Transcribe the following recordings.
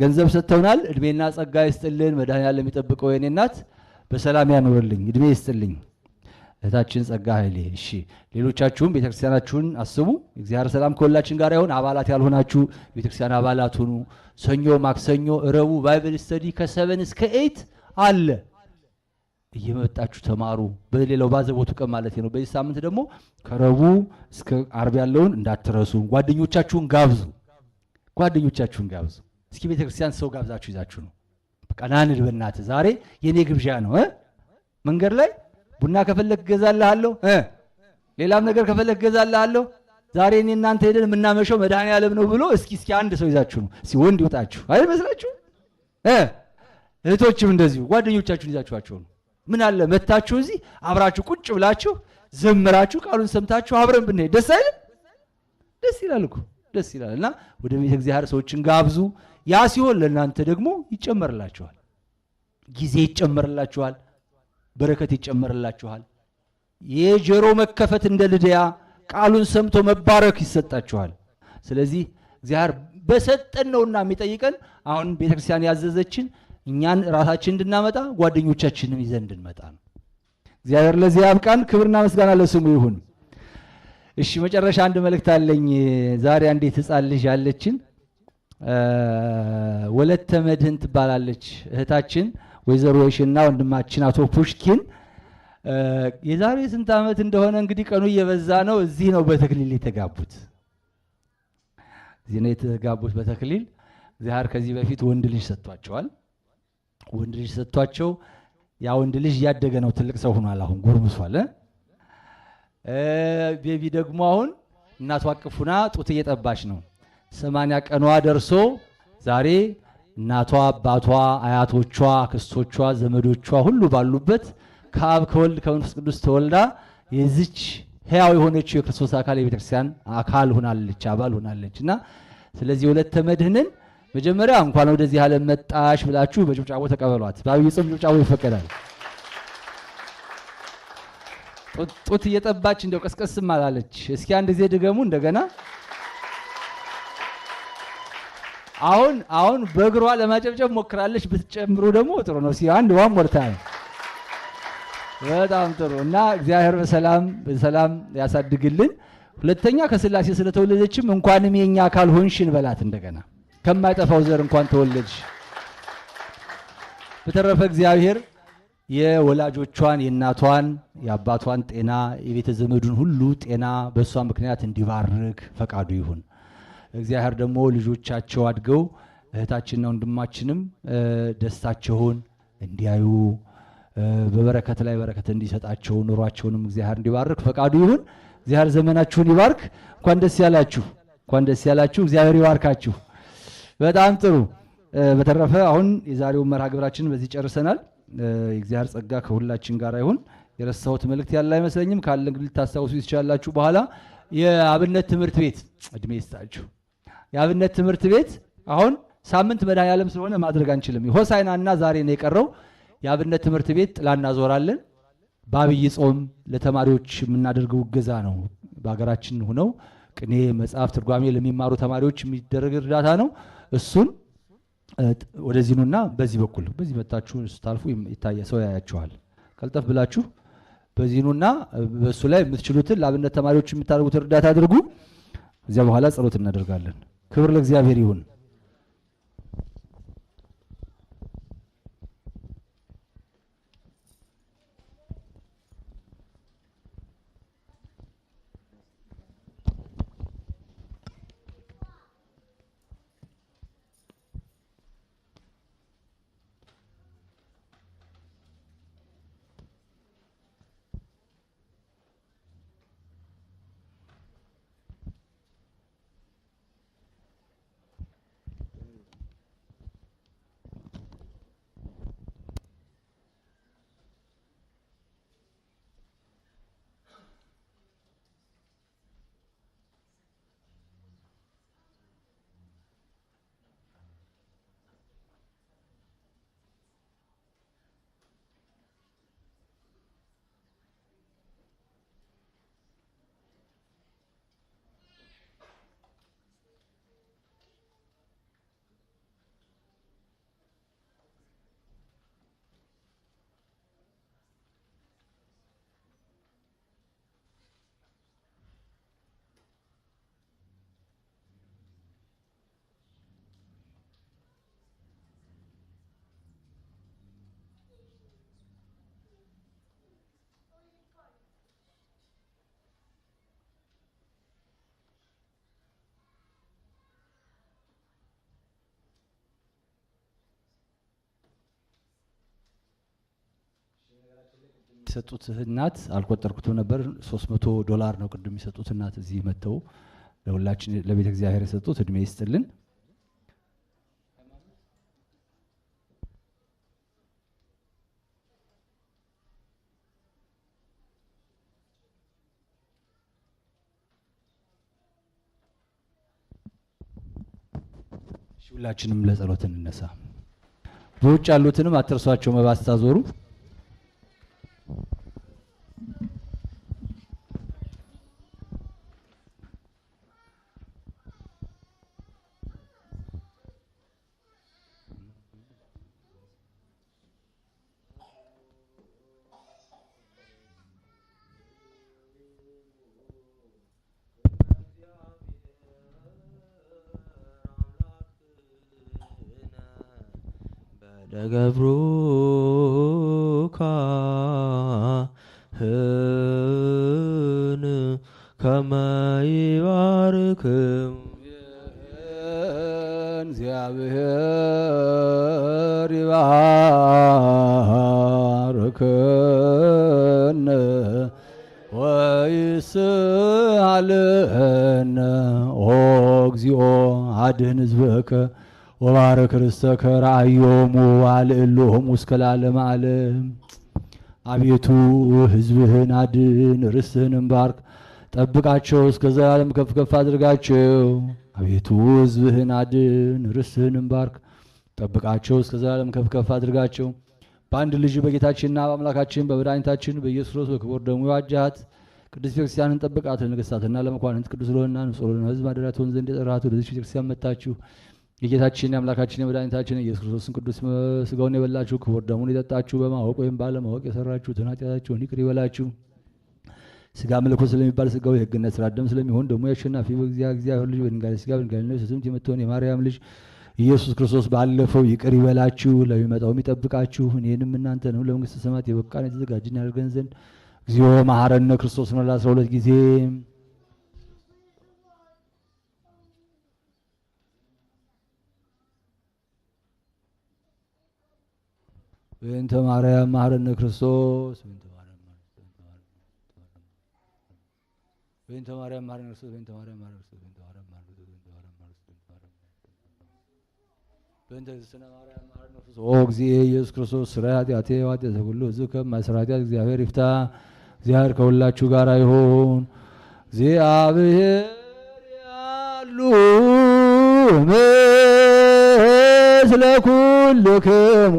ገንዘብ ሰጥተውናል። እድሜና ጸጋ ይስጥልን። መድኃኔዓለም የሚጠብቀው የኔ እናት በሰላም ያኖርልኝ፣ እድሜ ይስጥልኝ። እህታችን ጸጋ ኃይሌ። እሺ፣ ሌሎቻችሁም ቤተክርስቲያናችሁን አስቡ። እግዚአብሔር ሰላም ከሁላችን ጋር ይሁን። አባላት ያልሆናችሁ ቤተክርስቲያን አባላት ሁኑ። ሰኞ፣ ማክሰኞ፣ እረቡ ባይብል ስተዲ ከሰበን እስከ ኤት አለ። እየመጣችሁ ተማሩ። በሌላው ባዘቦቱ ቀን ማለት ነው። በዚህ ሳምንት ደግሞ ከረቡ እስከ አርብ ያለውን እንዳትረሱ። ጓደኞቻችሁን ጋብዙ። ጓደኞቻችሁን ጋብዙ። እስኪ ቤተ ክርስቲያን ሰው ጋብዛችሁ ይዛችሁ ነው። ቀና እንል በእናትህ ዛሬ የኔ ግብዣ ነው። መንገድ ላይ ቡና ከፈለግ እገዛልሃለሁ፣ ሌላም ነገር ከፈለግ እገዛልሃለሁ። ዛሬ እኔ እናንተ ሄደን የምናመሸው መድኃኔዓለም ነው ብሎ እስኪ እስኪ አንድ ሰው ይዛችሁ ነው። እስኪ ወንድ ይውጣችሁ አይመስላችሁ? እህቶችም እንደዚሁ ጓደኞቻችሁን ይዛችኋቸው ነው። ምን አለ መታችሁ እዚህ አብራችሁ ቁጭ ብላችሁ ዘምራችሁ ቃሉን ሰምታችሁ አብረን ብንሄድ ደስ አይልም? ደስ ይላል እኮ ደስ ይላል እና ወደ ቤተ እግዚአብሔር ሰዎችን ጋብዙ። ያ ሲሆን ለእናንተ ደግሞ ይጨመርላችኋል፣ ጊዜ ይጨመርላችኋል፣ በረከት ይጨመርላችኋል። የጆሮ መከፈት እንደ ልድያ ቃሉን ሰምቶ መባረክ ይሰጣችኋል። ስለዚህ እግዚአብሔር በሰጠን ነውና የሚጠይቀን አሁን ቤተክርስቲያን ያዘዘችን እኛን ራሳችን እንድናመጣ ጓደኞቻችንም ይዘን እንድንመጣ ነው። እግዚአብሔር ለዚህ ያብቃን። ክብርና ምስጋና ለስሙ ይሁን። እሺ መጨረሻ አንድ መልእክት አለኝ። ዛሬ አንዲት ህፃን ልጅ ያለችን ወለተ መድህን ትባላለች እህታችን ወይዘሮ ወሽና ወንድማችን አቶ ፑሽኪን የዛሬ ስንት ዓመት እንደሆነ እንግዲህ ቀኑ እየበዛ ነው። እዚህ ነው በተክሊል የተጋቡት። እዚህ ነው የተጋቡት በተክሊል እግዚአብሔር ከዚህ በፊት ወንድ ልጅ ሰጥቷቸዋል። ወንድ ልጅ ሰጥቷቸው ያ ወንድ ልጅ እያደገ ነው፣ ትልቅ ሰው ሆኗል። አሁን ጎርምሷል። ቤቢ ደግሞ አሁን እናቷ አቅፉና ጡት እየጠባች ነው። ሰማንያ ቀኗ ደርሶ ዛሬ እናቷ፣ አባቷ፣ አያቶቿ፣ ክስቶቿ፣ ዘመዶቿ ሁሉ ባሉበት ከአብ ከወልድ ከመንፈስ ቅዱስ ተወልዳ የዚች ሕያው የሆነችው የክርስቶስ አካል የቤተክርስቲያን አካል ሆናለች፣ አባል ሆናለች እና ስለዚህ ሁለተ መድህንን መጀመሪያ እንኳን ወደዚህ ዓለም መጣሽ ብላችሁ በጭብጫቦ ተቀበሏት። በአብይ ጾም ጭብጫቦ ይፈቀዳል። ጡት እየጠባች እንደው ቀስቀስም አላለች። እስኪ አንድ ጊዜ ድገሙ እንደገና። አሁን አሁን በእግሯ ለማጨብጨብ ሞክራለች። ብትጨምሩ ደግሞ ጥሩ ነው። እስኪ አንድ ዋን ሞር ታይም። በጣም ጥሩ እና እግዚአብሔር በሰላም በሰላም ያሳድግልን። ሁለተኛ ከስላሴ ስለተወለደችም እንኳንም የኛ አካል ሆንሽ በላት እንደገና። ከማይጠፋው ዘር እንኳን ተወለድሽ። በተረፈ እግዚአብሔር የወላጆቿን የእናቷን የአባቷን ጤና የቤተ ዘመዱን ሁሉ ጤና በእሷ ምክንያት እንዲባርክ ፈቃዱ ይሁን። እግዚአብሔር ደግሞ ልጆቻቸው አድገው እህታችንና ወንድማችንም ደስታቸውን እንዲያዩ በበረከት ላይ በረከት እንዲሰጣቸው ኑሯቸውንም እግዚአብሔር እንዲባርክ ፈቃዱ ይሁን። እግዚአብሔር ዘመናችሁን ይባርክ። እንኳን ደስ ያላችሁ፣ እንኳን ደስ ያላችሁ። እግዚአብሔር ይባርካችሁ። በጣም ጥሩ። በተረፈ አሁን የዛሬውን መርሃ ግብራችንን በዚህ ጨርሰናል። የእግዚአብሔር ጸጋ ከሁላችን ጋር ይሁን። የረሳሁት መልእክት ያለ አይመስለኝም። ካለ እንግዲህ ልታስታውሱ ይቻላችሁ። በኋላ የአብነት ትምህርት ቤት እድሜ ይስጣችሁ። የአብነት ትምህርት ቤት አሁን ሳምንት መድኃኔዓለም ስለሆነ ማድረግ አንችልም። ሆሳዕና እና ዛሬ ነው የቀረው። የአብነት ትምህርት ቤት ጥላ እናዞራለን። በአብይ ጾም ለተማሪዎች የምናደርገው እገዛ ነው። በሀገራችን ሆነው ቅኔ፣ መጽሐፍ፣ ትርጓሜ ለሚማሩ ተማሪዎች የሚደረግ እርዳታ ነው። እሱን ወደዚህ ኑና በዚህ በኩል በዚህ መታችሁ ስታልፉ ይታየ ሰው ያያችኋል። ቀልጠፍ ብላችሁ በዚህ ኑና በእሱ ላይ የምትችሉትን ለአብነት ተማሪዎች የምታደርጉትን እርዳታ አድርጉ። እዚያ በኋላ ጸሎት እናደርጋለን። ክብር ለእግዚአብሔር ይሁን። የሰጡት እናት አልቆጠርኩትም ነበር። 300 ዶላር ነው ቅድም የሰጡት እናት እዚህ መጥተው ለሁላችን ለቤተ እግዚአብሔር የሰጡት እድሜ ይስጥልን። ሁላችንም ለጸሎት እንነሳ። በውጭ ያሉትንም አትርሷቸው መባ ስታዞሩ ለገብሩካ ህን ከመይባርክም እግዚአብሔር ይባርክን ወይስሃልን ኦ እግዚኦ አድህን ህዝብከ ወባረክ ርስተከ ከራዮሙ አልዕሎሆም እስከ ለዓለመ ዓለም። አቤቱ ሕዝብህን አድን፣ ርስትህንም ባርክ፣ ጠብቃቸው፣ እስከ ዘላለም ከፍ ከፍ አድርጋቸው። አቤቱ ሕዝብህን አድን፣ ርስትህንም ባርክ፣ ጠብቃቸው፣ እስከ ዘላለም ከፍ ከፍ አድርጋቸው። በአንድ ልጅ በጌታችንና በአምላካችን በመድኃኒታችን በኢየሱስ ክርስቶስ በክቡር ደሙ የዋጃት ቅዱስ ቤተክርስቲያንን ጠብቃት፣ ለነገሥታትና ለመኳንንት ቅዱስ ለሆና ንጹሕ ለሆነ ሕዝብ ማደሪያ ትሆን ዘንድ የጠራሃት ወደዚች ቤተክርስቲያን መጣችሁ። የጌታችን የአምላካችን የመድኃኒታችን ኢየሱስ ክርስቶስን ቅዱስ ስጋውን የበላችሁ ክቡር ደሙን የጠጣችሁ በማወቅ ወይም ባለማወቅ የሰራችሁትን ኃጢአታችሁን ይቅር ይበላችሁ። ስጋ መልኮ ስለሚባል ስጋው የህግነት ስራ ደም ስለሚሆን ደግሞ የአሸናፊ እግዚአብሔር ልጅ በድንጋሌ ስጋ በድንጋሌ ነፍስ ዝምት የምትሆን የማርያም ልጅ ኢየሱስ ክርስቶስ ባለፈው ይቅር ይበላችሁ፣ ለሚመጣውም ይጠብቃችሁ፣ እኔንም እናንተንም ለመንግስተ ሰማያት የበቃን የተዘጋጅን ያደርገን ዘንድ እግዚኦ መሐረነ ክርስቶስ ነው ለአስራ ሁለት ጊዜ በእንተ ማርያም ማህረነ ክርስቶስ በእንተ ማርያም ማርያም ማህረነ ክርስቶስ ማርያም ማህረነ ክርስቶስ ማርያም ማህረነ ክርስቶስ ማርያም ማህረነ ክርስቶስ ማርያም ማህረነ ክርስቶስ እግዚእ ኢየሱስ ክርስቶስ ስራየ ኃጢአቴ ወኃጢአተ ዘኩሉ ሕዝብ ከመ ኃጢአት እግዚአብሔር ይፍታ። እግዚአብሔር ከሁላችሁ ጋር ይሁን። እግዚአብሔር ያሉ ምስለ ኩልክሙ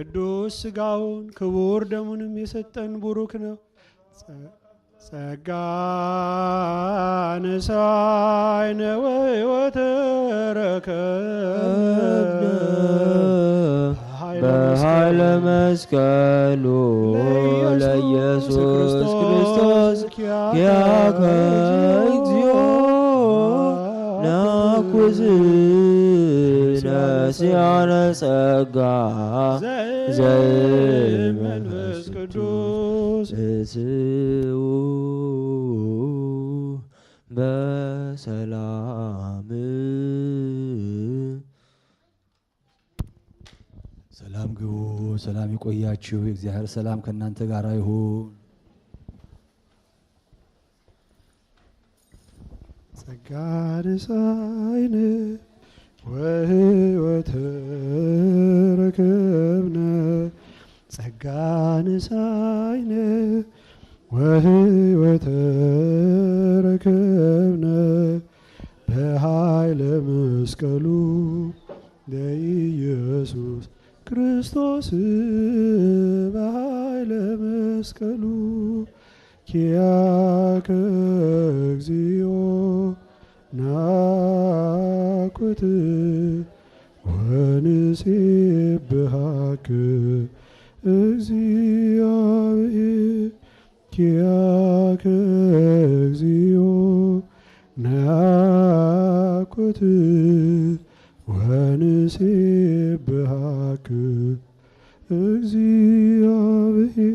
ቅዱስ ሥጋውን ክቡር ደሙንም የሰጠን ቡሩክ ነው። ጸጋን ሳይነ ወይወት ረከብነ በኃይለ መስቀሉ ለኢየሱስ ክርስቶስ ያከ እጉዝነ ሲያነ ጸጋ ዘመንፈስ ቅዱስ እትው በሰላም ሰላም ግቡ። ሰላም ይቆያችሁ። የእግዚአብሔር ሰላም ከእናንተ ጋር ይሁን። God is ወህይወት ረክብነ ጸጋ ወህይወት ረክብነ በኃይለ መስቀሉ ለኢየሱስ ክርስቶስ በኃይለ መስቀሉ ኪያከ እግዚኦ ናቁት ወንሴብሃክ እግዚአብሔር ኪያከ እግዚኦ ናቁት ወንሴብሃክ እግዚአብሔር